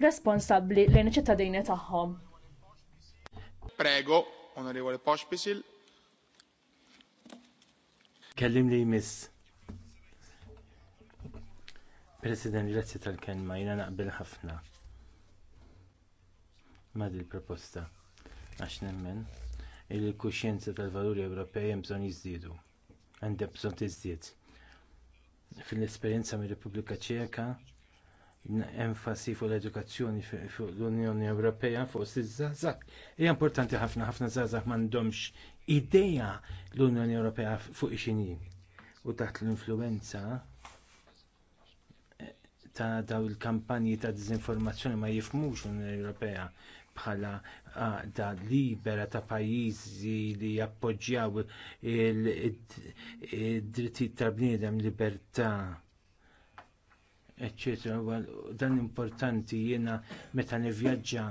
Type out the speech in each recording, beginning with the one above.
responsabbli lejn iċ-ċittadini tagħhom. Prego, onorevole Pospisil. Kellim li miss. President, grazzi tal-kelma, jina naqbel ħafna. Ma il proposta għax nemmen il-kuxjenza tal-valuri Ewropej hemm bżonn jiżdiedu. Għandha bżonn tiżdied. Fil-esperjenza mir-Repubblika Ċeka enfasi fuq l-edukazzjoni fuq l-Unjoni Ewropea fuq iż-żazax. Hija importanti ħafna ħafna żazax m'għandhomx idea l-Unjoni Ewropea fuq ix-xini u taħt l-influenza ta' daw il-kampanji ta' diżinformazzjoni ma jifmux l-Unjoni Ewropea bħala għaqda libera ta' pajjiżi li jappoġġjaw id-drittijiet tal bniedem libertà etc. Dan importanti jiena meta nivvjaġġa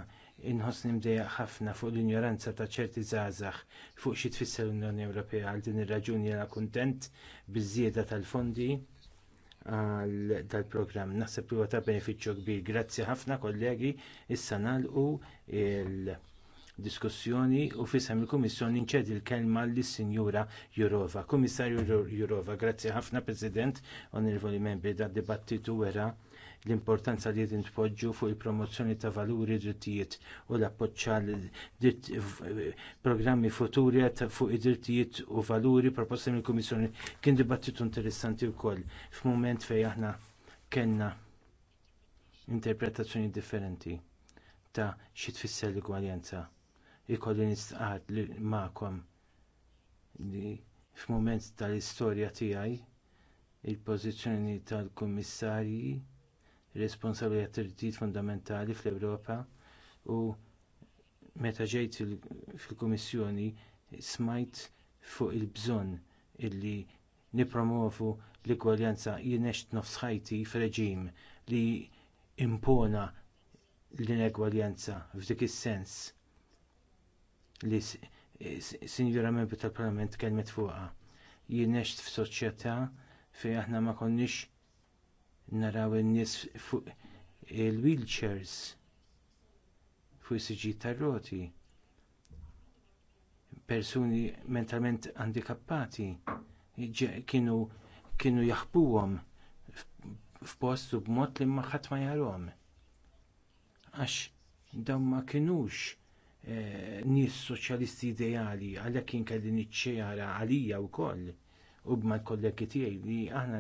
inħoss nimdeja ħafna fuq l-injoranza ta' ċerti zazax fuq xi tfisser l-Unjoni Ewropea għal din ir-raġuni jena kuntent biż-żieda tal-fondi għal dal-programm. Naħseb li ta' benefiċċju kbir. Grazzi ħafna kollegi, issa u il- diskussjoni u fisem il-Kummissjoni nċedi l-kelma lis sinjura Jurova. Kummissarju Jurova, grazzi ħafna President, onorevoli membri da' dibattitu wera l-importanza li tpoġġu fuq il-promozzjoni ta' valuri drittijiet u l-appoċċa programmi futuri fuq id-drittijiet u valuri proposti mill-Kummissjoni kien dibattitu interessanti wkoll f'mument fejn aħna kellna interpretazzjoni differenti ta' xi tfisser l-igwaljanza ikolli nistaqat li li f'mument tal-istorja tiegħi il-pożizzjoni tal-kummissarji responsabbli għat terdid fundamentali fl-Ewropa u meta ġejt fil-Kummissjoni smajt fuq il-bżonn illi nippromovu l-igwaljanza jinext nofsħajti f'reġim li impona l-inegwaljanza f'dik is-sens li sinjura membru tal-Parlament kelmet fuqha. Jien next f'soċjetà fejn aħna ma konniex naraw in-nies fuq il-wheelchairs fuq is-siġi tar-roti. Persuni mentalment handikappati kienu kienu jaħbuhom f'post u b'mod li ma ħadd ma jarhom. Għax dawn ma kinux Eh, nis soċjalisti ideali għalhekk inkelli niċċejara għalija wkoll u bma l-kollegi tiegħi li aħna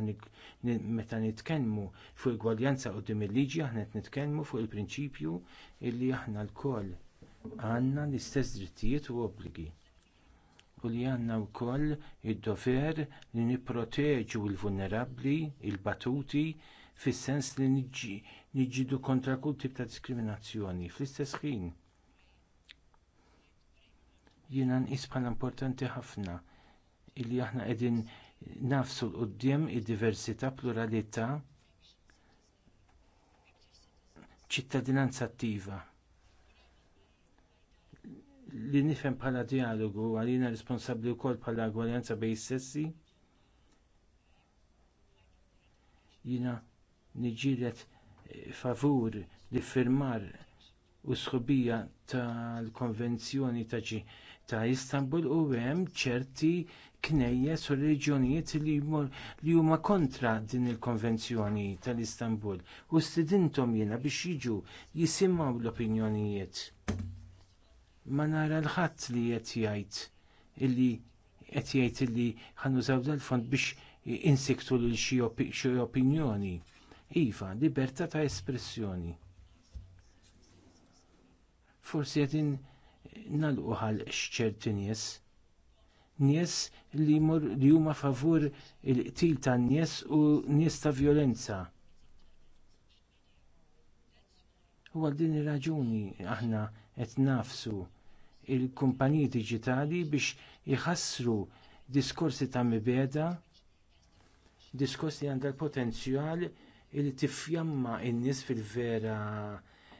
meta nitkellmu fuq igwaljanza gwaljanza quddiem il-liġi aħna qed nitkellmu fuq il-prinċipju li aħna l-koll għandna l-istess drittijiet u obbligi u li għandna wkoll id-dover li nipproteġu l-vulnerabbli, il-batuti, fis-sens li niġġieldu kontra kull tip ta' diskriminazzjoni fl-istess ħin jiena nqis bħala importanti ħafna illi aħna qegħdin nafsu l qudiem id-diversità, pluralità, ċittadinanza attiva. Li nifhem bħala dijalogu għalina responsabbli wkoll bħala gwaljanza bejn sessi. Jiena niġilet eh, favur li firmar u sħubija tal-konvenzjoni ta' ġi ta' Istanbul u hemm ċerti knejjes u reġjonijiet li huma kontra din il-konvenzjoni tal-Istanbul u stidintom jiena biex jiġu jisimgħu l-opinjonijiet. Ma nara l-ħadd li qed jgħid illi qed jgħid illi ħanużaw dal-fond biex insiktu lil xi opinjoni. Iva, libertà ta' espressjoni. Forsi qegħdin nal għal xċerti nies. Nies li huma favur il-qtil tan nies u nies ta' vjolenza. U għal din ir-raġuni aħna qed nafsu l kumpaniji diġitali biex jħassru diskorsi ta' mibeda, diskorsi għandha l-potenzjal li tifjamma n-nies fil-vera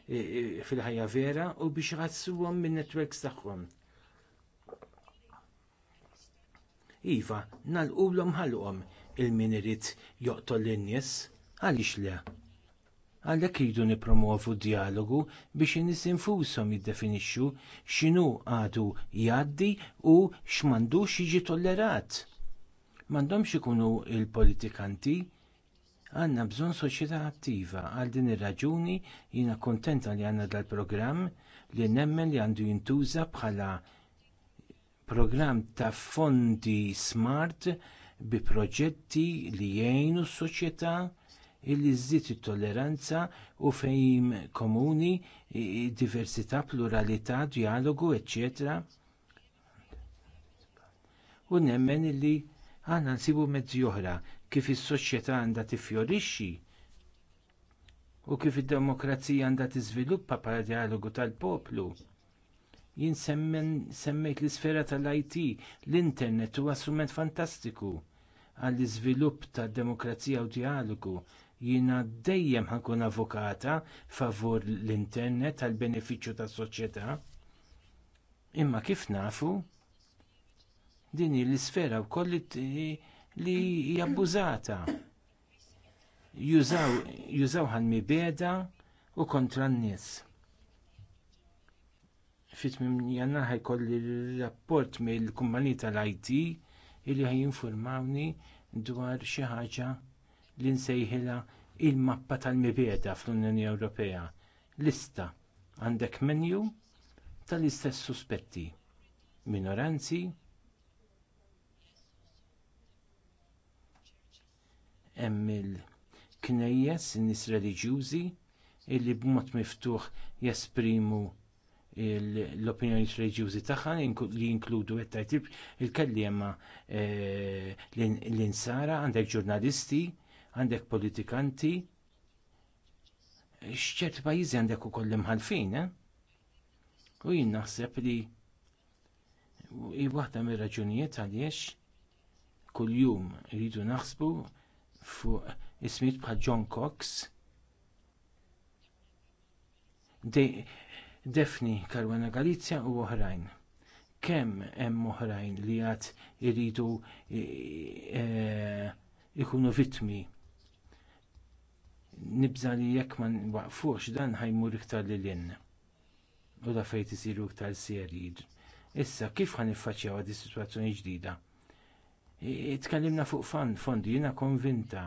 fil-ħajja vera u biex iħassuhom min netwerks tagħhom. Iva, nalqulhom ħalqhom il-min irid joqtol lin-nies għaliex le. Għalhekk iridu nippromovu dialogu biex in-nies infushom jiddefinixxu x'inhu għadu jgħaddi u x'mandux jiġi tollerat. M'għandhomx ikunu l politikanti għanna bżonn soċjetà attiva għal din ir-raġuni jiena kuntenta li għandna dal-programm li nemmen li għandu jintuża bħala programm ta' fondi smart bi proġetti li jgħinu s-soċjetà illi żżid it-tolleranza u fejn komuni, diversità, pluralità, dijalogu, eċċetera. U nemmen li għandna nsibu mezzi oħra kif is-soċjetà għandha tiffjorixxi u kif id-demokrazija għandha tiżviluppa bħala dijalogu tal-poplu. Jien semmejt l-isfera tal-IT, l-internet huwa strument fantastiku għall iżvilupp tad demokrazija u dijalogu. Jiena dejjem ħankun avukata favur l-internet għall benefiċċju tas-soċjetà. Imma kif nafu? Din l-isfera wkoll li jabbużata. Jużaw, jużaw ħalmi beda u kontra n-nies. Fit minn janna l rapport mill-kumpanija tal-IT illi informawni dwar xi ħaġa li nsejħilha il-mappa tal-mibieda fl-Unjoni Ewropea. Lista għandek menju tal-istess suspetti, minoranzi, hemm il-knejjes in-nies reliġjużi illi b'mod miftuħ jesprimu l-opinjoni reliġjużi tagħha li jinkludu qed tgħid il-kelliema eh, l-insara għandek ġurnalisti, għandek politikanti, xċert pajjiżi għandek ukoll imħalfin, eh? u jien naħseb li waħda mir-raġunijiet għaliex kuljum rridu naħsbu fuq ismijiet bħal John Cox. De, Defni Karwana Galizja u oħrajn. Kemm hemm oħrajn li għad iridu e, e, ikunu vittmi nibża li jekk ma waqfux dan ħajmur iktar lil lin. U da fejt isiru iktar serji. Issa kif ħan niffaċċjaw għad is-sitwazzjoni ġdida? Itkellimna fuq fan fondi, jiena konvinta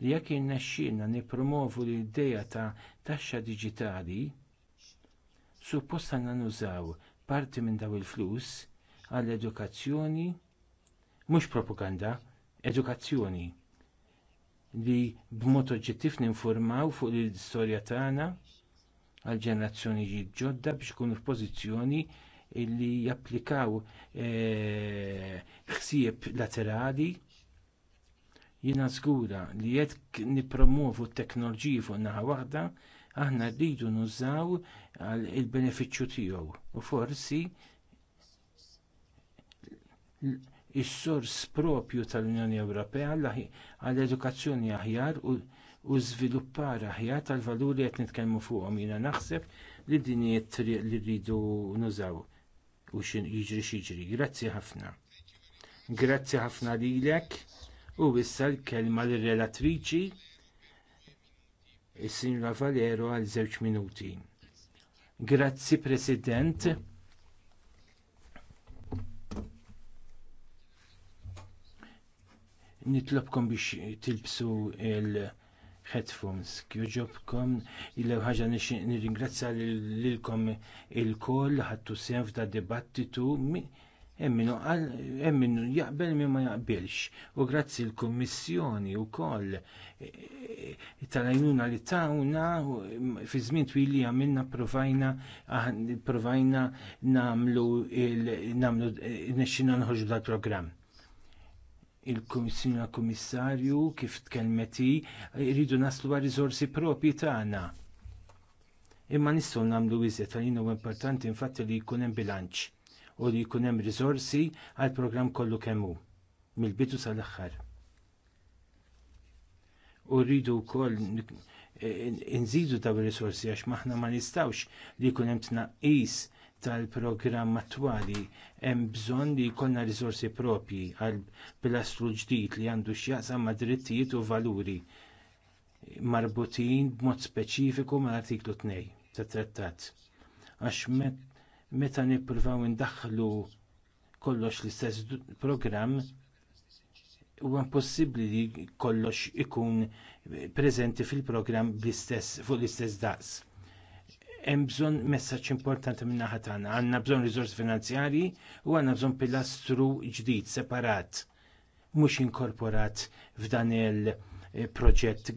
li jekk innexxielna nippromovu l-idea ta' taxxa diġitali, suppost għandna nużaw parti minn daw il-flus għall-edukazzjoni, mhux propaganda, edukazzjoni li b'mod oġġettiv ninformaw fuq l-istorja tagħna għall ġenerazzjoni ġodda biex ikunu f'pożizzjoni illi japplikaw eh, ħsieb laterali jiena żgura li jekk nippromovu t-teknoloġiji fuq naħa waħda aħna rridu nużaw il-benefiċċju tiegħu u forsi is-sors proprju tal-Unjoni Ewropea għall edukazzjoni aħjar u żviluppar aħjar tal-valuri qed nitkellmu fuqhom jiena naħseb li din hija t-triq li rridu nużaw u xin jiġri xiġri. Grazzi ħafna. Grazzi ħafna lilek u issa l-kelma l-relatriċi is-Sinjura Valero għal żewġ minuti. Grazzi President. Nitlobkom biex tilbsu il- headphones. Kjoġobkom, il ħagġa nirringrazza lilkom il-koll ħattu sew da dibattitu emminu min emminu jaqbel min ma jaqbilx. U grazzi l-Kommissjoni u koll e- e- tal-għajnuna li tawna fi żmien twili għamilna provajna provajna namlu il nexxina nħoġu dal-programm il kummissjoni Kummissarju kif tkellmet hi jridu naslu għal riżorsi proprji tagħna. Imma nistgħu nagħmlu iżjed għalina huwa importanti infatti li jkun hemm bilanċ u li jkun hemm riżorsi għall programm kollu kemm hu mill-bidu sal-aħħar. U rridu wkoll eh, nżidu dawn ir-risorsi għax maħna ma nistgħux li jkun hemm tnaqqis tal-programm attwali hemm bżonn li jkollna riżorsi propji għal pilastru ġdid li għandu x'jaqsam ma' drittijiet u valuri marbutin b'mod speċifiku mal-artiklu 2 tat-trattat. Għax meta nippruvaw indaħħlu kollox l-istess programm huwa impossibbli li kollox ikun preżenti fil-programm fuq l-istess daqs hemm bżonn messaġġ importanti minn naħa tagħna. Għandna bżonn riżors finanzjarji u għandna bżonn pilastru ġdid separat mhux inkorporat f'dan il-proġett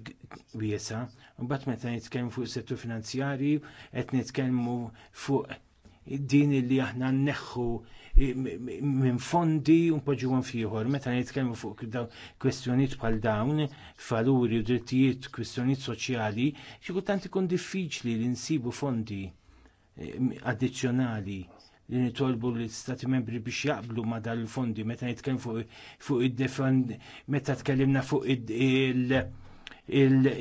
wiesa. Mbagħad meta nitkellmu fuq is settur finanzjarji qed nitkellmu fuq din li aħna nneħħu minn fondi po' ġuwan fiħor, Meta nitkellmu fuq kwestjonijiet bħal dawn, faluri u drittijiet, kwestjoniet soċjali, xi kultant ikun diffiċli li nsibu fondi eh, addizzjonali li nitolbu l-Stati membri biex jaqblu ma dal fondi meta nitkellmu fuq id-defend meta tkellimna fuq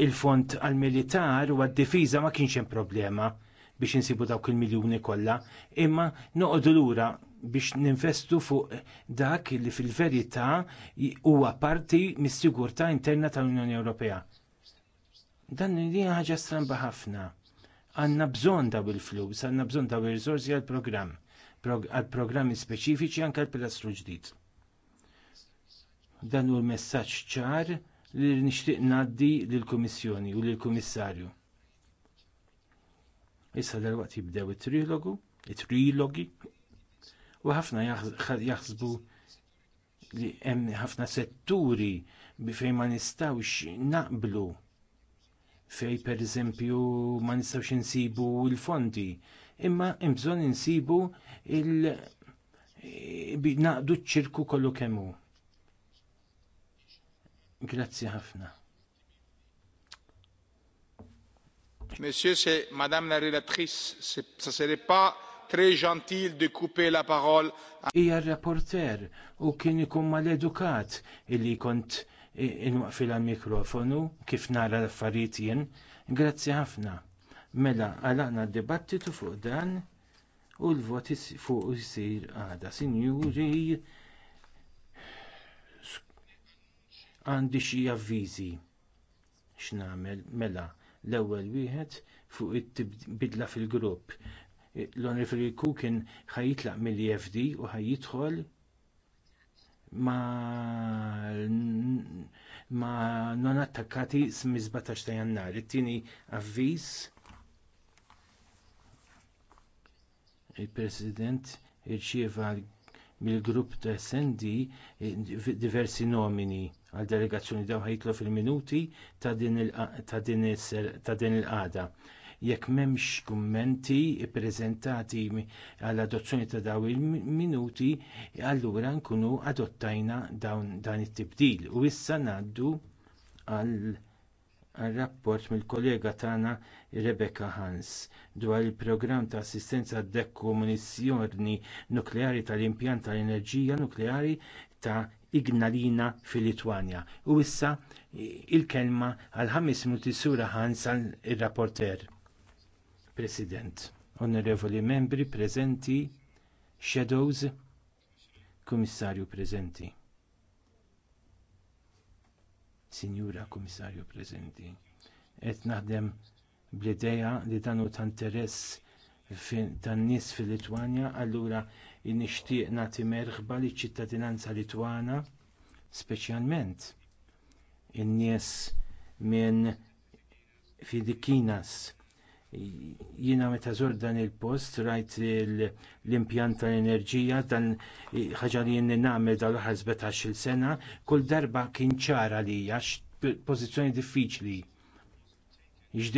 il-fond għal-militar u għad-difiża ma kienx hemm problema biex insibu dawk il-miljuni kollha, imma noqogħdu lura biex ninvestu fuq dak li fil-verità huwa parti mis-sigurtà interna tal-Unjoni Ewropea. Dan li ħaġa stramba ħafna. Għanna bżonn daw il-flus, għandna bżonn daw ir rizorsi għall-programm, għall-programmi speċifiċi anke għall-pilastru ġdid. Dan hu l-messaġġ ċar li nixtieq ngħaddi lill-Kummissjoni u lill-Kummissarju. Issa dal-waqt jibdew it-trilogu, it-trilogi, u ħafna jaħsbu li hemm ħafna setturi fejn ma nistgħux naqblu fejn pereżempju ma nistgħux insibu l-fondi imma hemm bżonn insibu il naqdu ċ-ċirku kollu kemm hu. Grazzi ħafna. Monsieur, c'est Madame la Relatrice, ça serait pas très gentil de couper la parole. Ija rapporter u kien ikun mal-edukat illi kont inwaqfi la mikrofonu kif nara l-affarijiet jien. Grazzi ħafna. Mela, għalaqna d-dibattitu fuq dan u l-voti fuq jisir għada. Sinjuri, għandi xi avviżi X'namel mela l-ewwel wieħed fuq it-bidla fil-grupp l-Onrifri Kukin ħajitlaq mill-EFD u ħajitħol ma, ma non attakkati smiż-17 ta' jannar. It-tieni avviż il-President irċieva mill-grupp ta' SND diversi nomini għal delegazzjoni daw ħajtlu fil-minuti ta' din il-qada. Jekk m'hemmx kummenti ppreżentati għall adozzjoni ta' dawn il-minuti, allura nkunu adottajna dawn dan it-tibdil. U issa ngħaddu għal rapport mill-kollega tagħna Rebecca Hans dwar il-programm ta' assistenza għad dekomunizjoni nukleari tal-impjant tal-enerġija nukleari ta' Ignalina fil-Litwanja. U issa il-kelma għal ħames minuti sura Hans għal rapporter President, onorevoli membri preżenti, shadows, kummissarju preżenti. Sinjura kummissarju preżenti. Qed naħdem bl-idea li dan hu ta' interess tan-nies fil-Litwanja, allura nixtieq nagħti merħba liċ ċittadinanza Litwana, speċjalment in-nies minn Fidikinas Jiena meta żur dan il-post rajt l-impjant tal-enerġija dan ħaġa li jenni nagħmel dal-aħħar 17-il sena, kull darba kien ċara li għax pożizzjoni diffiċli.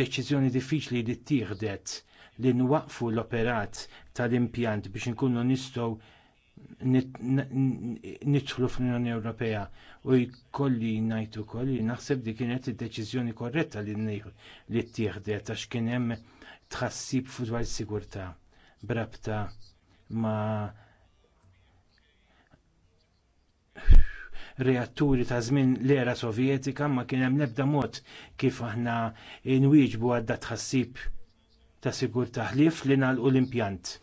deċiżjoni diffiċli li ttieħdet li nwaqfu l-operat tal-impjant biex inkunu nistgħu nidħlu fl-Unjoni Ewropea u jkolli ngħid ukoll li naħseb di kienet id-deċiżjoni korretta li nieħu li ttieħdet għax kien hemm tħassib futwar sigurtà brabta ma' reatturi ta' żmien l-era sovjetika ma kien hemm nebda mod kif aħna nwieġbu għadda tħassib ta' sigurta ħlief li nagħlqu l-impjant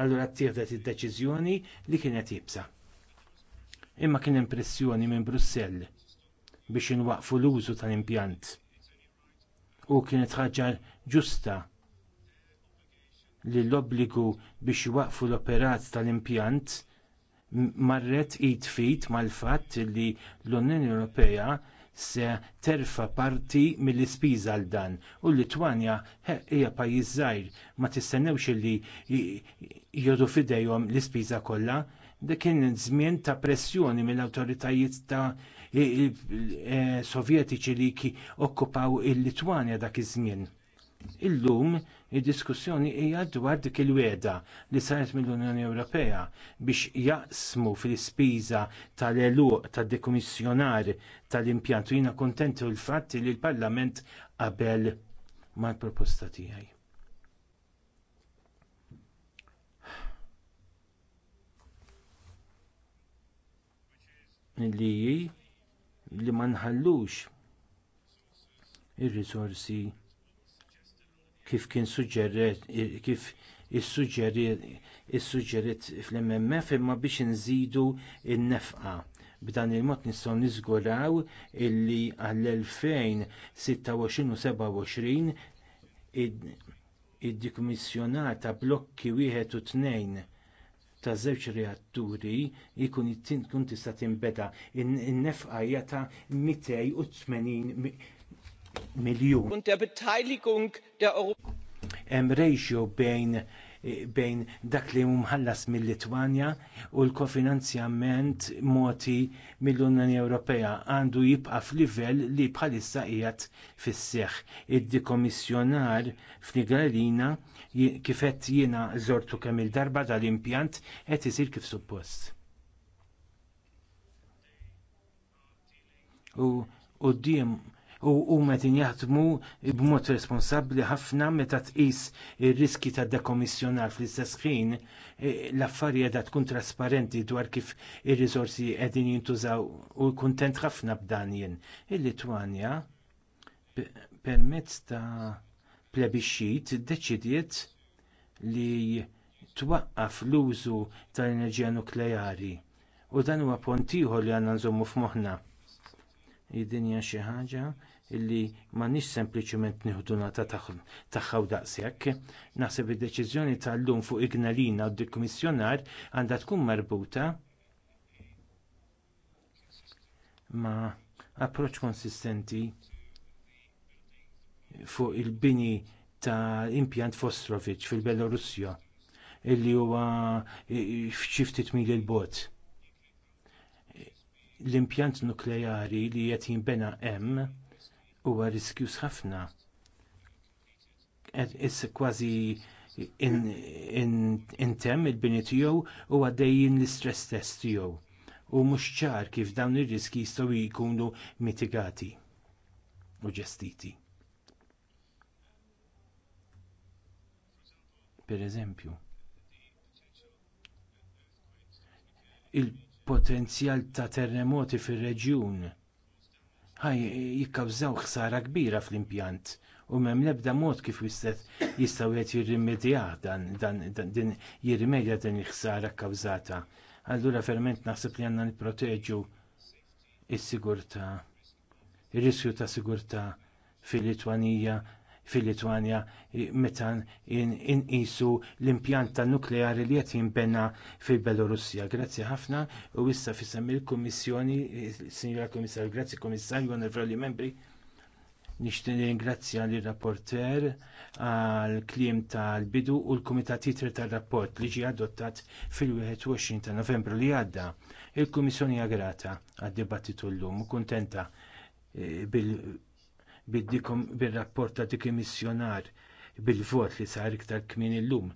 allura ttieħdet id-deċiżjoni li kienet jibsa. Imma kien hemm pressjoni minn Brussell biex inwaqfu l-użu tal-impjant. U kienet ħaġa ġusta li l-obbligu biex waqfu l-operat tal-impjant marret id fit mal-fatt li l-Unjoni Ewropea se terfa parti mill-ispiża għal dan u l-Litwanja hija pajjiż żgħir ma tistennewx li jodu fidejhom l-ispiża kollha dak kien żmien ta' pressjoni mill-awtoritajiet ta' e- sovjetiċi li okkupaw il-Litwanja dak iż-żmien. Illum Id-diskussjoni hija dwar dik il-weda li saret mill-Unjoni Ewropea biex jaqsmu fl ispiża tal-eluq tad-dekomissjonar tal-impjant u jiena kontent l fatt li l-Parlament qabel mal-proposta tiegħi. li li ma nħallux ir-risorsi kif kien suġġeret kif issuġġerit fl-MMF imma biex inżidu n nefqa B'dan il-mod nistgħu niżguraw illi għall-2026 u 27 id-dikmissjonata blokki wieħed u tnejn ta' żewġ reatturi jkun tista' tinbeda in-nefqa hija ta' 280 miljun. Und der Beteiligung der Europa. Hemm ratio bejn eh, bejn dak li mħallas mill-Litwanja u l-kofinanzjament moti mill-Unjoni Ewropea għandu jibqa' f'livell li bħalissa qiegħed fis-seħħ. Id-dikommissjonar f'Nigralina kif jiena żortu kemm il-darba tal-impjant qed isir kif suppost. U quddiem u huma qed jaħdmu b'mod responsabbli ħafna meta tqis ir-riski ta' dekommissjonar fl-istess ħin e, l-affarijiet da tkun trasparenti dwar kif ir-riżorsi qegħdin jintużaw u kuntent ħafna b'dan jien. Il-Litwanja permezz ta' plebixxit iddeċidiet li twaqqaf l-użu tal-enerġija nukleari u dan huwa pont ieħor li għandna nżommu f'moħħna id-dinja xi ħaġa illi ma nix sempliċement nieħdu nata tagħha u daqshekk. Naħseb id-deċiżjoni tal-lum fuq Ignalina u d-Kummissjonar għandha tkun marbuta ma' approċċ konsistenti fuq il-bini ta' impjant Fostrovic fil-Belorussja illi huwa fċiftit mil il-bot l-impjant nukleari li qed jinbena hemm huwa riskjus ħafna. Issa kważi intemm il-bini tiegħu u għaddejjin l-istress test tiegħu u mhux ċar kif dawn ir-riski jistgħu jkunu mitigati u ġestiti. Per eżempju, il-potenzjal ta' terremoti fir-reġjun ħaj jikkawżaw ħsara kbira fl-impjant u mem lebda mod kif jistet jistaw qed jirrimedja dan, dan, dan din jirrimedja din il-ħsara kkawżata. Allura ferment naħseb li għandna nipproteġu s sigurtà ir-riskju ta' sigurtà fil-Litwanija fil-Litwanja meta inqisu l-impjant tan nukleari li qed jinbena fil-Belorussja. Grazzi ħafna u issa fisem il-Kummissjoni, Sinjora Kummissarju, grazzi Kummissarju, onorevoli membri. Nixtieq ringrazzja lir rapporter għall kliem tal-bidu u l-Kumitat Titri tar-rapport li ġie adottat fil-21 ta' Novembru li għadda. Il-Kummissjoni għagrata għad-dibattitu llum u kuntenta eh, bil Biddikom bil-rapport ta' dik missjonar bil-vot li sar iktar kmin illum.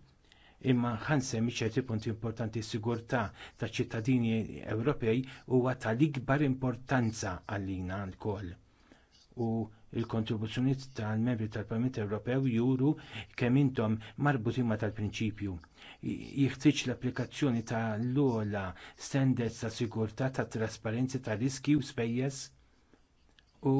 Imma ħansem ċerti punti importanti s-sigurtà taċ ċittadini Ewropej huwa tal-ikbar importanza għalina lkoll. U l kontribuzzjoni tal-membri tal-Parlament Ewropew juru kemm intom marbuti ma tal-prinċipju. Jeħtieġ l-applikazzjoni tal-ola standards ta' sigurtà tat trasparenzi ta' riski u spejjeż u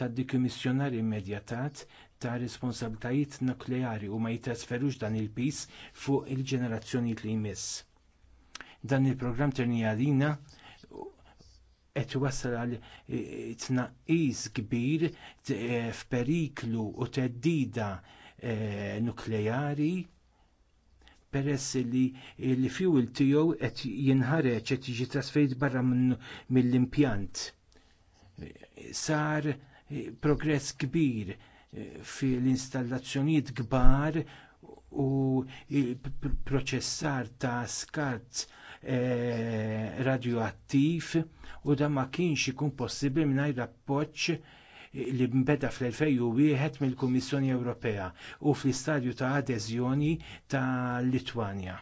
Tad-dik dikjumissjonar immedjatat ta' responsabbiltajiet nukleari u ma jitrasferux dan il-pis fuq il-ġenerazzjoni li jmiss. Dan il-programm ternijalina qed iwassal għal e, tnaqqis kbir e, f'periklu u theddida e, nukleari peress li l-fuel tiegħu qed jinħareġ qed jiġi trasferit barra mill-impjant. Sar progress kbir eh, fil-installazzjonijiet kbar u il-proċessar ta' skart eh, radioattiv u dan ma kienx ikun possibbli mingħajr appoġġ li mbeda fl-2001 mill-Kummissjoni Ewropea u fl-istadju ta' adeżjoni ta' Litwanja.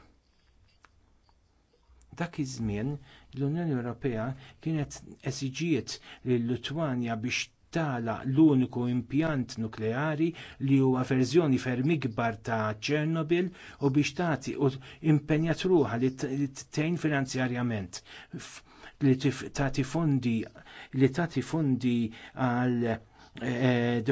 Dak iż-żmien l-Unjoni Ewropea kienet eżiġiet lil Litwanja biex tagħlaq l-uniku impjant nukleari li huwa verżjoni ferm ikbar ta' Chernobyl u biex tagħti u impenjat ruħha li tgħin finanzjarjament li tagħti fondi li tagħti fondi għal Eh,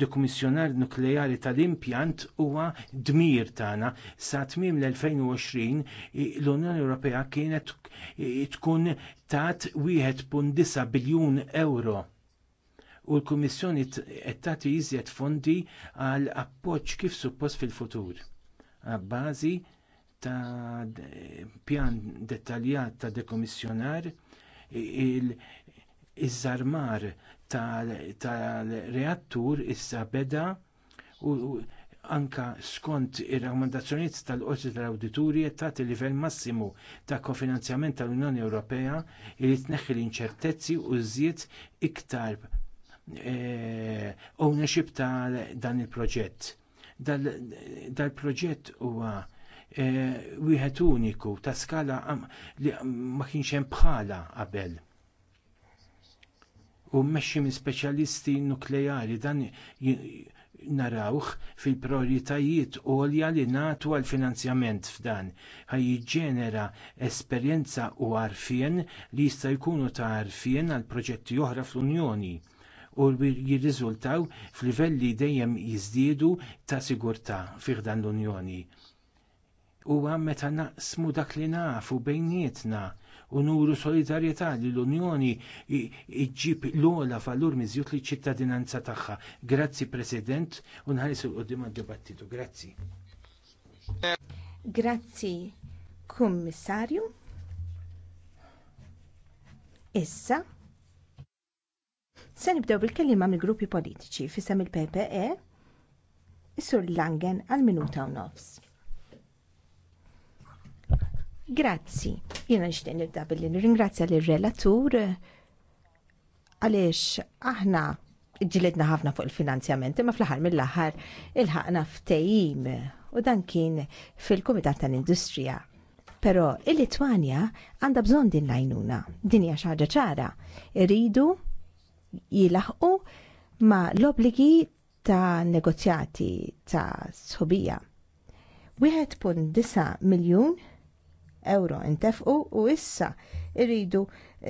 dekomissjonar nukleari tal-impjant huwa dmir tagħna sa tmiem l-2020 l-Unjoni Ewropea kienet tkun tat 1.9 biljun euro u l-Kummissjoni qed tagħti iżjed fondi għal appoġġ kif suppost fil-futur. Bażi ta' pjan dettaljat ta' dekommissjonar il-żarmar tal-reattur issa beda u anke skont ir-rakkomandazzjonijiet tal-qorti tal-awdituri qed tagħti livell massimu ta' kofinanzjament tal-Unjoni Ewropea li tneħħi l-inċertezzi u żied iktar e, ownership ta' dan il-proġett. Dal-proġett huwa e, wieħed uniku ta' skala li ma kienx hemm bħala qabel u mmexxi minn speċjalisti nukleari dan narawh fil-prioritajiet għolja li nagħtu għal finanzjament f'dan ħaj jiġġenera esperjenza u għarfien li jista' jkunu ta' għarfien għal proġetti oħra fl-Unjoni u jirriżultaw f'livelli dejjem jiżdiedu ta' sigurtà fih dan l-Unjoni. Huwa meta naqsmu dak li nafu bejnietna u nuru solidarjetà li l-Unjoni iġġib l-ola valur miżjut li ċittadinanza tagħha. Grazzi President u nħares il qudiem għad-dibattitu. Grazzi. Grazzi Kummissarju. Issa se nibdew bil-kelliema mill-gruppi politiċi fisem il-PPE Sur Langen għal minuta u nofs. Grazzi. Jiena nixtieq nibda billi nirringrazzja lir relatur eh, għaliex aħna ġilidna ħafna fuq il-finanzjament, imma fl-aħħar mill-aħħar ilħaqna ftehim u dan kien fil-Kumitat tal-Industrija. Però il-Litwanja għandha bżonn din l-għajnuna, din hija xi ħaġa ċara. Iridu jilaħqu ma' l-obligi ta' negozjati ta' sħobija. 1.9 miljun euro intefqu u issa irridu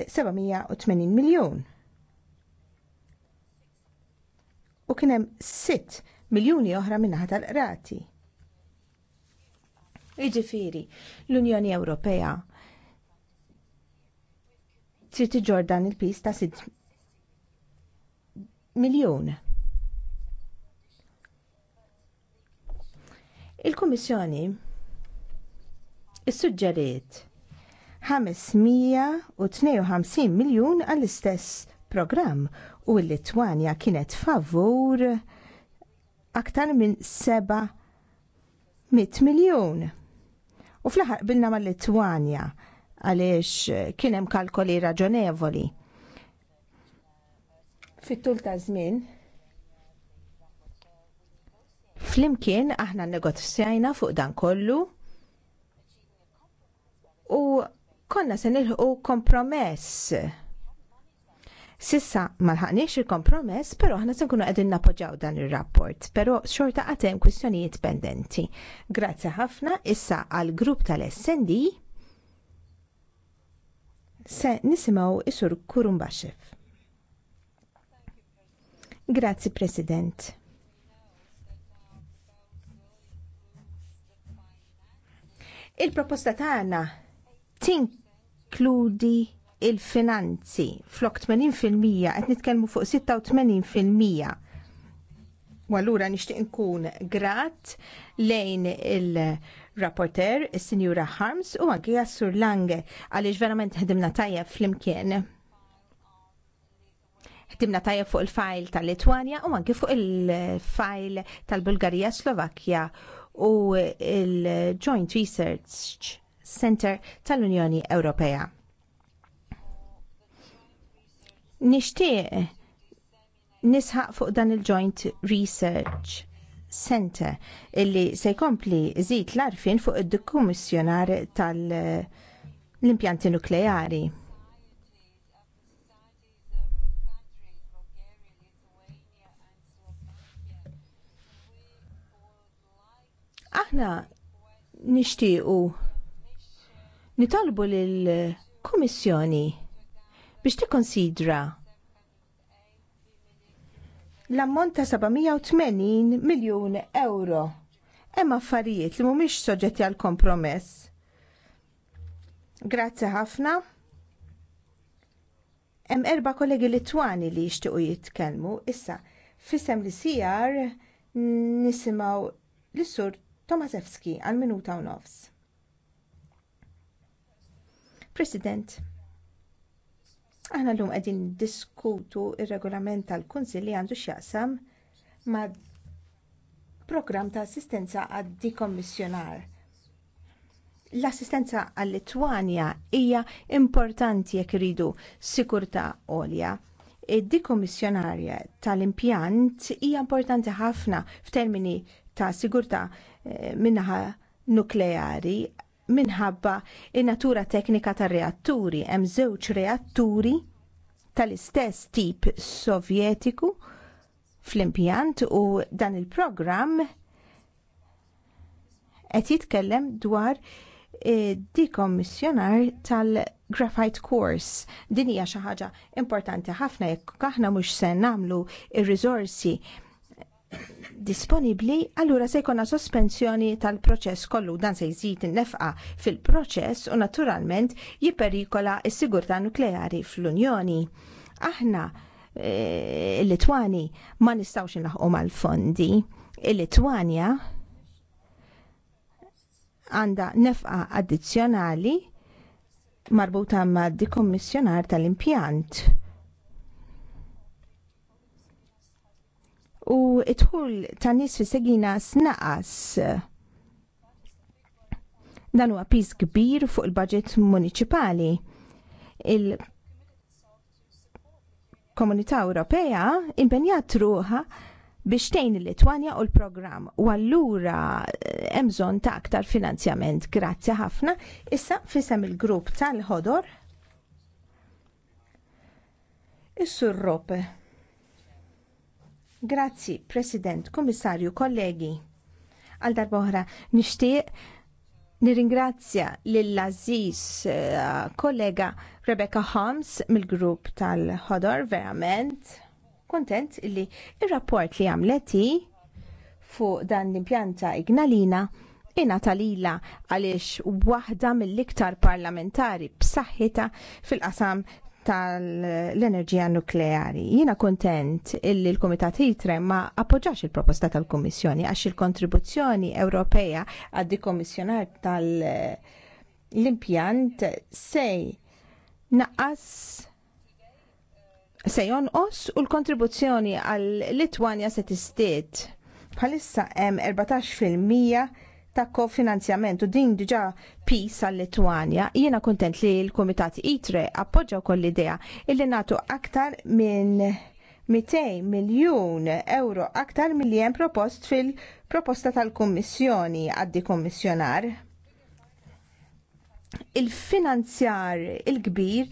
780 miljun. U kien hemm 6 miljuni oħra min-naħa tal-qrati. Jiġifieri, l-Unjoni Ewropea trid iġordan il-pis ta' 6 miljun. Il-Kummissjoni Is-suġġeriet 552 miljun għall-istess programm u l-Litwanja kienet favur aktar minn 700 miljun. U fl-aħħar bilna mal-Litwanja għaliex kien hemm kalkoli raġonevoli. Fit-tul ta' żmien Flimkien aħna negozjajna fuq dan kollu u konna se nilħu kompromess. Sissa ma il-kompromess, però aħna se nkunu qegħdin napoġaw dan ir-rapport, però xorta għatem hemm kwistjonijiet pendenti. Grazzi ħafna issa għall grupp tal-SND se nisimgħu isur Kurumbaxxef. Grazzi President. Il-proposta tagħna tinkludi il-finanzi flok 80% qed nitkellmu fuq 86%. U allura nixtieq nkun grat lejn il-rapporter, il sinjura Harms u anke Sur Lange għaliex verament ħdimna tajjeb flimkien. Ħdimna tajja fuq il-fajl tal-Litwanja u anke fuq il-fajl tal-Bulgarija, Slovakkja u il-Joint Research Center tal-Unjoni Ewropea. Nixtieq nisħaq fuq dan il-Joint Research Center illi se jkompli żid l-arfin fuq id-dikummissjonar tal-impjanti nukleari. Aħna nixtiequ Nitolbu lill-Kummissjoni biex tikkonsidra l-ammont ta' 780 miljun euro. Hemm affarijiet li mhumiex soġġetti għal kompromess. Grazzi ħafna. Hemm erba' kollegi Litwani li jixtiequ jitkellmu issa fisem li sijar nisimgħu lis sur Tomasewski għal minuta u nofs. President, aħna llum qegħdin niddiskutu r regolament tal-Kunsill li għandu x'jaqsam ma' programm ta' assistenza għad dikommissjonar. L-assistenza għall litwanja hija importanti jekk iridu sigurtà għolja. d dikommissjonarja tal-impjant hija importanti ħafna f'termini ta' sigurtà eh, min-naħa nukleari minħabba in-natura teknika tar-reatturi. Hemm żewġ reatturi tal-istess tip sovjetiku fl-impjant u dan il-programm qed jitkellem dwar e, dikommissjonar tal-Graphite Course. Din hija xi ħaġa importanti ħafna jekk aħna mhux se nagħmlu ir-riżorsi disponibbli, allura se jkollna sospensjoni tal-proċess kollu dan se jżid innefqa nefqa fil-proċess u naturalment jipperikola s-sigurtà nukleari fl-Unjoni. Aħna e, eh, l litwani ma nistgħux inlaħqu mal-fondi. Il-Litwanja għanda nefqa addizzjonali marbuta ma' dikommissjonar tal-impjant u id-dħul tan nies fis-segina snaqas dan huwa pis kbir fuq il-budget municipali. Il-Komunità Ewropea impenjat ruħa biex tgħin il-Litwanja u l-programm u allura eh, hemm bżonn ta' aktar finanzjament. Grazzi ħafna. Issa fisem il-grupp tal-ħodor. is Is-sur-rope. Grazzi, President, Kommissarju, kollegi. Għal darbohra, nishtiq nirringrazzja lill-Aziz eh, kollega Rebecca Holmes mill-grupp tal-ħodor, verament. Kontent li il-rapport li għamleti fuq dan l-impjanta Ignalina jena talila għaliex waħda mill-iktar parlamentari b'saħħita fil-qasam tal-enerġija nukleari. Jiena kontent illi l-Komitat ITRE ma appoġġax il-proposta tal-Kommissjoni għax il-kontribuzzjoni Ewropea għaddi komissjonar tal-impjant sej naqas se jonqos u l-kontribuzzjoni għal Litwanja se tistiet. Bħalissa hemm 14 ta' kofinanzjament u din diġa pis għal litwanja jiena kontent li l-Komitat ITRE appoġġa wkoll l-idea illi nagħtu aktar minn 200 miljun euro aktar milli hemm propost fil-proposta tal-Kummissjoni għaddi kommissjonar il-finanzjar il-kbir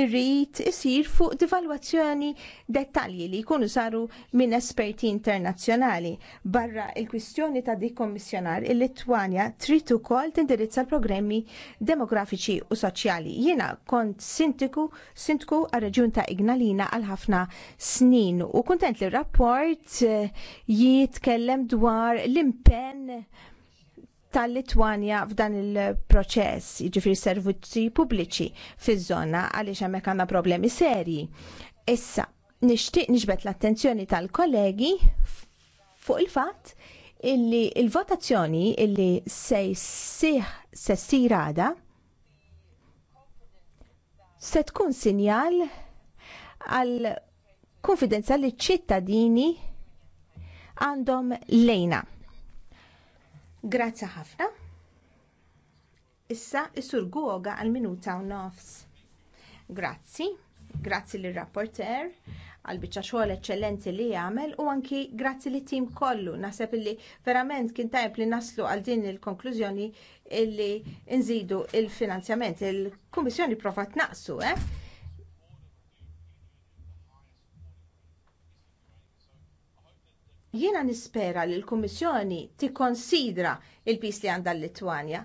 irrit isir fuq divalwazzjoni dettalji li jkunu saru minn esperti internazzjonali. Barra il-kwistjoni ta' dik kommissjonar il-Litwanja trid ukoll tindirizza l-programmi demografiċi u soċjali. Jiena kont sintiku għar-reġjun ta' Ignalina għal ħafna snin u kuntent li rapport eh, jitkellem dwar l-impenn tal-Litwanja f'dan il-proċess, jiġifieri servizzi pubbliċi fiż-żona għaliex hemmhekk għandna problemi serji. Issa, nixtieq nixbet l-attenzjoni tal-kollegi fuq il-fatt illi il-votazzjoni illi se ssih se sirada se tkun sinjal għal konfidenza li ċittadini għandhom lejna. Grazzi ħafna. Issa is-sur Goga għal minuta ta' nofs. Grazzi, grazzi lir rapporter għal biċċa xogħol eċċellenti li jagħmel u anki grazzi li tim kollu. Naħseb li verament kien tajb li naslu għal din il-konklużjoni illi nżidu il-finanzjament. Il-Kummissjoni prova tnaqsu, eh? Jiena nispera li l-Kummissjoni tikkonsidra il-pis li għandha l-Litwanja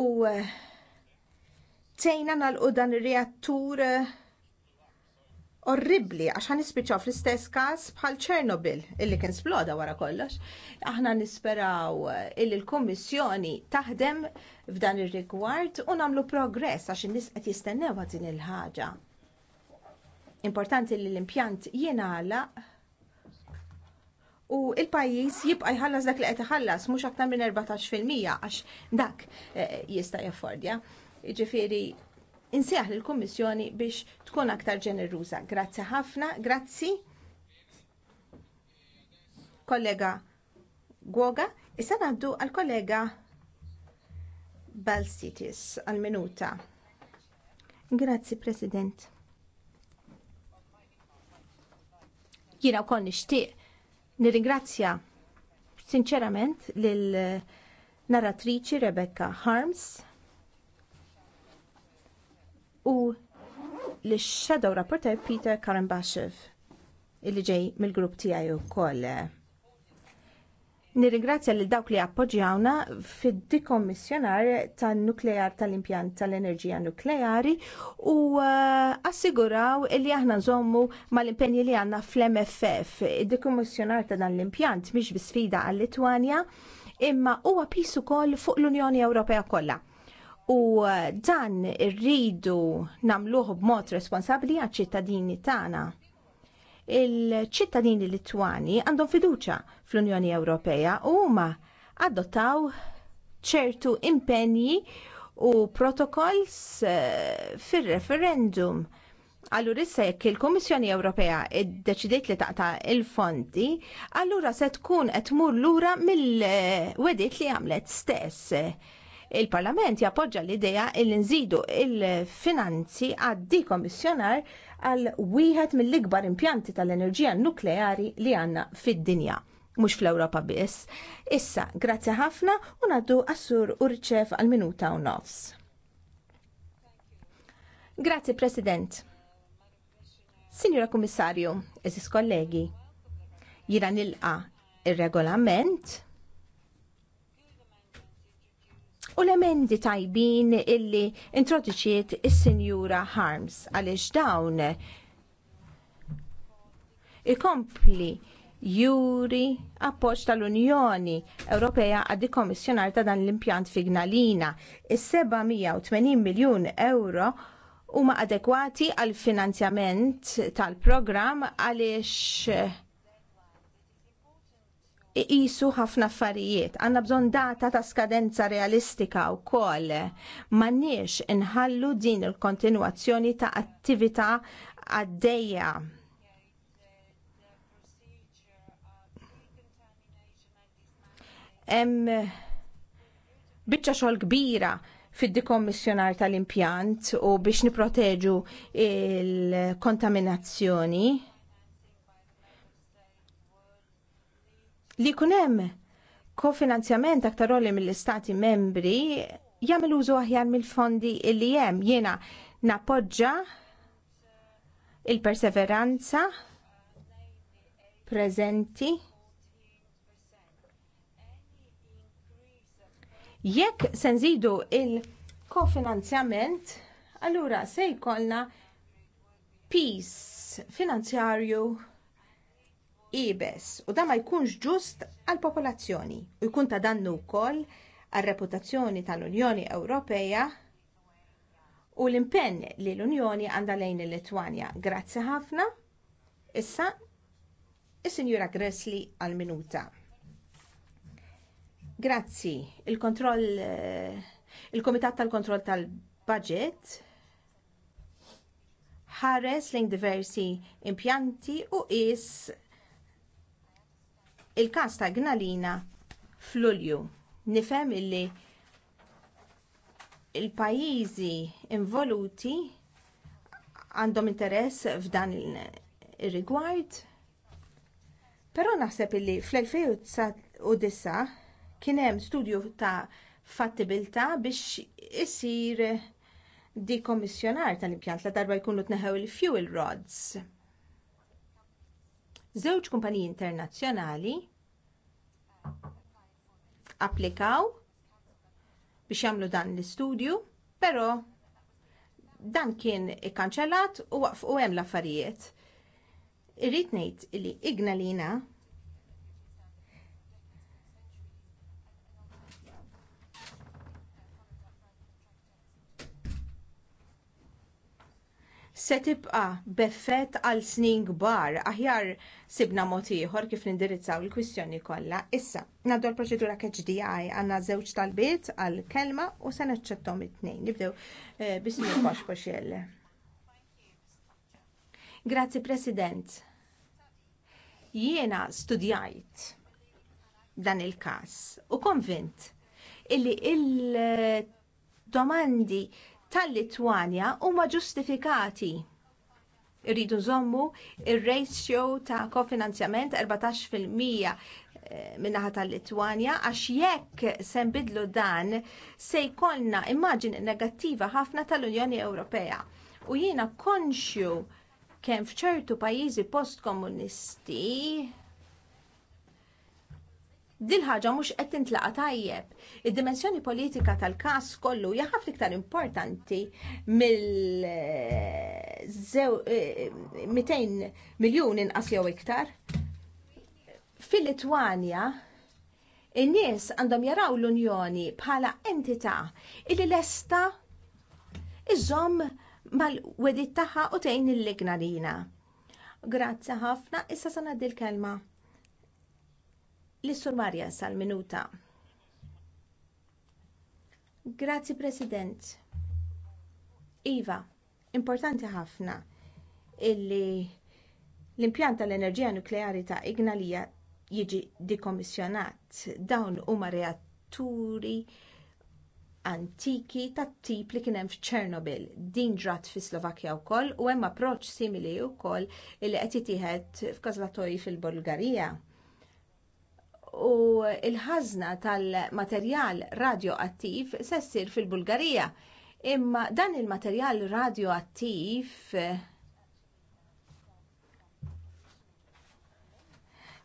u eh, tejna nalqu dan ir-reattur eh, orribli għax ħan nispiċaw fl-istess każ bħal Chernobyl illi kien sploda wara kollox. Aħna nisperaw eh, illi l-Kummissjoni taħdem f'dan ir-rigward u nagħmlu progress għax in-nies qed jistennew din il-ħaġa. Importanti li l-impjant jingħalaq u il-pajjiż jibqa' jħallas dak li qed iħallas mhux aktar minn 14% għax dak eh, jista' jaffordja. Ġifieri insieħ lill-Kummissjoni biex tkun aktar ġeneruża. Grazzi ħafna, grazzi. Kollega Gwoga, issa ngħaddu għall kollega Balsitis għall minuta Grazzi President. Jiena konni nixtieq Nirringrazzja sinċerament lil narratriċi Rebecca Harms u l-Shadow Rapporteur Peter Karambashev, illi ġej mill-grupp tiegħi wkoll. Nirringrazzja lil dawk li appoġġjawna fid-dikommissjonar tan-nuklear tal-impjant tal-enerġija nukleari u eh, assiguraw li aħna nżommu mal-impenji li għandna fl-MFF. Id-dikommissjonar ta' dan l-impjant mhix bi sfida għall-Litwanja imma huwa pis ukoll fuq l-Unjoni Ewropea kollha. U eh, dan irridu namluħ b'mod responsabbli għaċ-ċittadini tagħna il-ċittadini Litwani għandhom fiduċa fl-Unjoni Ewropea u huma adottaw ċertu impenji u protokolls eh, fir-referendum. Allura issa jekk il-Kummissjoni Ewropea iddeċidiet li taqta' il-fondi, allura se tkun qed tmur lura mill-wedit li għamlet stess. Il-Parlament jappoġġa l-idea li nżidu il-finanzi għad dikommissjonar għal wieħed mill-ikbar impjanti tal-enerġija nukleari li għandna fid-dinja mhux fl-Ewropa biss. Issa, grazzi ħafna u ngħaddu għassur u riċev għal minuta u nofs. Grazzi President. Sinjura Kummissarju, eżis kollegi, jira nilqa ir regolament u l-emendi tajbin illi introduċiet is-Sinjura Harms għaliex dawn ikompli juri appoġġ tal-Unjoni Ewropea għad kommissjonar ta' dan l-impjant fi Gnalina. Is-780 miljun euro huma adekwati għal finanzjament tal-programm għaliex iqisu ħafna affarijiet. Għanna bżon data ta' skadenza realistika u koll. nix inħallu din il-kontinuazzjoni ta' attività għaddeja. Em bicċa xol kbira fid-dikommissjonar tal-impjant u biex niproteġu il-kontaminazzjoni li kunem kofinanzjament aktar rolli mill-istati membri jagħmel użu aħjar mill-fondi li hemm jiena napoġġa il-perseveranza preżenti jekk se nżidu il-kofinanzjament allura se jkollna peace finanzjarju ibes u dan ma jkunx ġust għall popolazzjoni u jkun ta' dannu wkoll għal reputazzjoni tal-Unjoni Ewropea u l-impenn li l-Unjoni għandha lejn il-Litwanja. Grazzi ħafna. Issa is-Sinjura Gressli għall minuta Grazzi. Il-kontroll eh, il-Komitat tal-Kontroll tal-Budget ħares lejn diversi impjanti u is il-każ ta' Gnalina f'Lulju. Nifhem illi l il pajjiżi involuti għandhom interess f'dan ir-rigward. Però naħseb illi fl-2009 kien hemm studju ta' fattibilità biex isir dikommissjonar tal-impjant la darba jkunu tneħew il-fuel rods. Żewġ kumpaniji internazzjonali applikaw biex jagħmlu dan l-istudju, però dan kien ikkanċellat u waqfqu hemm l-affarijiet. Irrid ngħid li Ignalina se tibqa' beffett għal snin kbar aħjar sibna mod ieħor kif nindirizzaw il-kwistjoni kollha. Issa, ngħaddu l-proċedura KHDI għandna żewġ talbiet għal kelma u se naċċettom it-tnejn. Nibdew eh, bismi Poxpoxjell. Grazzi President. Jiena studjajt dan il-każ u konvint illi il-domandi il domandi tal-Litwanja huma ġustifikati. Irridu nżommu ir-ratio ta' kofinanzjament 14% eh, minnaħa tal-Litwanja għax jekk se nbidlu dan se jkollna immaġin negattiva ħafna tal-Unjoni Ewropea. U jiena konxju kemm f'ċertu pajjiżi postkomunisti din ħaġa mhux qed tintlaqa tajjeb. Id-dimensjoni politika tal-każ kollu hija ħafna iktar importanti mill 200 eh, miljun inqas jew iktar. Fil-Litwanja in-nies għandhom jaraw l-Unjoni bħala entità li lesta iżomm mal-wedit tagħha u tgħin il-lignarina. Grazzi ħafna, issa sanad il-kelma L-Sur Marja sal-minuta. Grazzi President. Iva, importanti ħafna illi l-impjant tal-enerġija nukleari ta' Ignalija jiġi dikommissjonat. Dawn huma reatturi antiki tat tip li kien hemm f'Ċernobil. Din ġrat fi Slovakkja wkoll u hemm approċċ simili wkoll li qed jittieħed f'Kozlatoj fil-Bulgarija u il-ħazna tal-materjal radioattiv se ssir fil-Bulgarija. Imma dan il-materjal radioattiv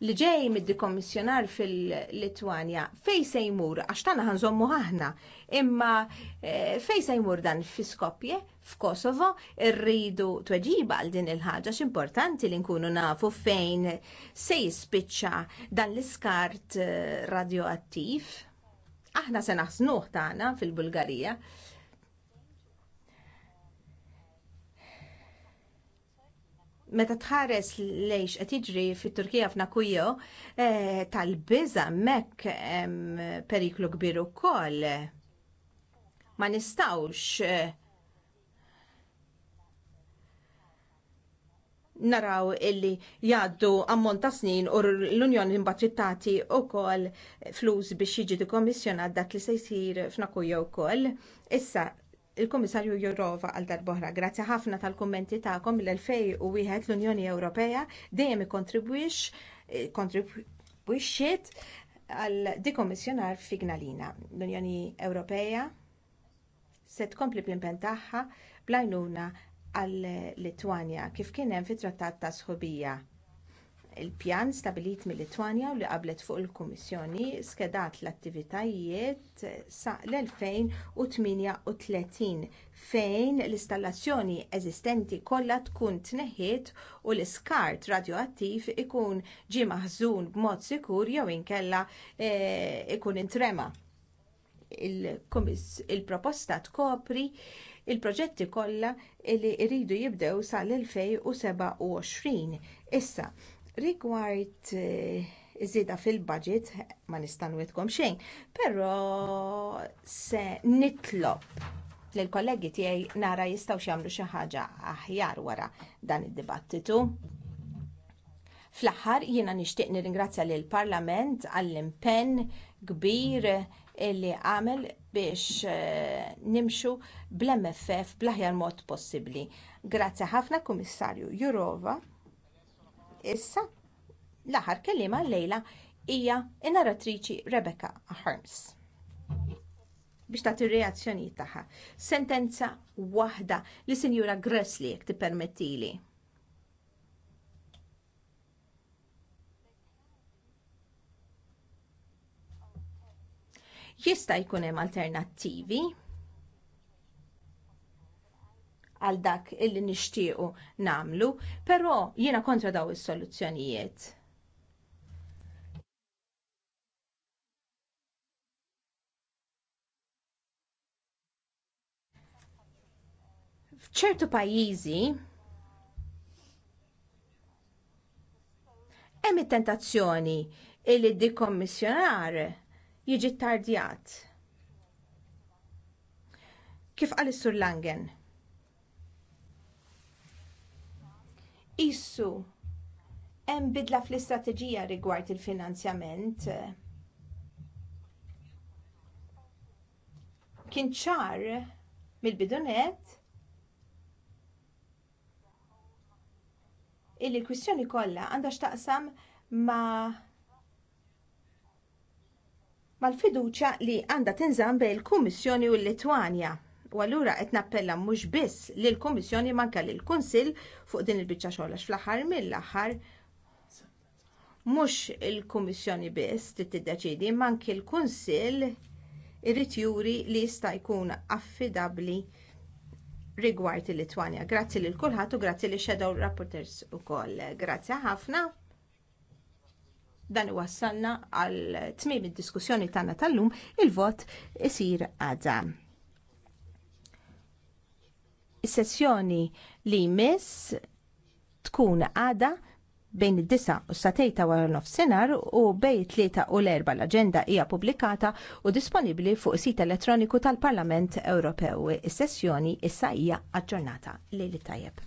li ġej mid komissjonar fil-Litwanja fej se jmur, għax tana ħanżommu aħna, imma eh, fej se jmur dan fiskopje, f'Kosovo, rridu tweġiba għal din il-ħagġa x'importanti li nkunu nafu fejn se jispiċċa dan l-iskart eh, radioattiv. Aħna se naħsnuh tagħna fil-Bulgarija. meta tħares lejx qed jiġri fit-Turkija f'na eh, tal-biża mekk hemm periklu kbir ukoll. Ma nistawx eh, naraw illi jaddu ammont ta' snin u l-Unjoni mbagħad tagħti wkoll flus biex jiġi dikommissjonat dak li se jsir f'Nakujo wkoll. Issa il-Komissarju Jorova għal darbohra. Grazzi ħafna tal-kommenti ta'kom l-2001 l-Unjoni Ewropea dejjem kontribwix kontribwixiet għal dikommissjonar f'Ignalina. L-Unjoni Ewropea se tkompli plimpen tagħha blajnuna għal Litwanja kif kien hemm fit-Trattat ta' Sħobija il-pjan stabbilit mil-Litwanja u li qablet fuq il-Kummissjoni skedat l-attivitajiet sa l-2038 fejn l-installazzjoni eżistenti kollha tkun tneħħiet u l-iskart radioattiv ikun ġie maħżun b'mod sikur jew inkella eh, ikun intrema. Il-proposta tkopri il-proġetti kollha li jridu jibdew sa l 2027 Issa, Rigward eh, iżida fil-budget ma nistanwitkom xejn, però se nitlob lill kollegi tiegħi nara jistgħu jagħmlu xi ħaġa aħjar wara dan id-dibattitu. Fl-aħħar jiena nixtieq nirringrazzja lill Parlament għall-impenn kbir li għamel biex eh, nimxu bl-MFF bl-aħjar mod possibbli. Grazzi ħafna Kummissarju Jurova. Issa l-aħħar kelliema llejla hija n-narratriċi Rebecca Harms biex tagħti reazzjonijiet tagħha. Sentenza waħda li Sinjura Gressli jekk tippermettili. jista' jkun hemm alternattivi għal dak illi nixtiequ namlu, però jiena kontra daw is-soluzzjonijiet. f'ċertu pajjiżi hemm it-tentazzjoni li d dikommissjonar jiġi tardjat. Kif qal is-Sur Langen, Issu hemm bidla fl-istrateġija rigward il-finanzjament. Kien ċar mill-bidunet illi l-kwistjoni kollha għandha x'taqsam ma mal-fiduċja li għandha tinżamm bejn il-Kummissjoni u l-Litwanja. U allura qed nappella mhux biss lill kummissjoni manka lill kunsill fuq din il-biċċa xogħol fl-aħħar mill-aħħar mhux il-Kummissjoni biss trid tiddeċiedi manki l-Kunsill irid juri li jista' jkun affidabbli rigward il-Litwanja. Grazzi lil kulħadd u grazzi li Shadow Rapporters ukoll. Grazzi ħafna. Dan wassalna għal tmiem id-diskussjoni tagħna tal-lum, il-vot isir għadha. Is-sessjoni li jmiss tkun għada bejn id-9 u s ta' wara nofsinhar u bejn tlieta u l-erba l-aġenda hija pubblikata u disponibbli fuq sit elettroniku tal-Parlament Ewropew. Is-sessjoni issa hija aġġornata lejli tajjeb.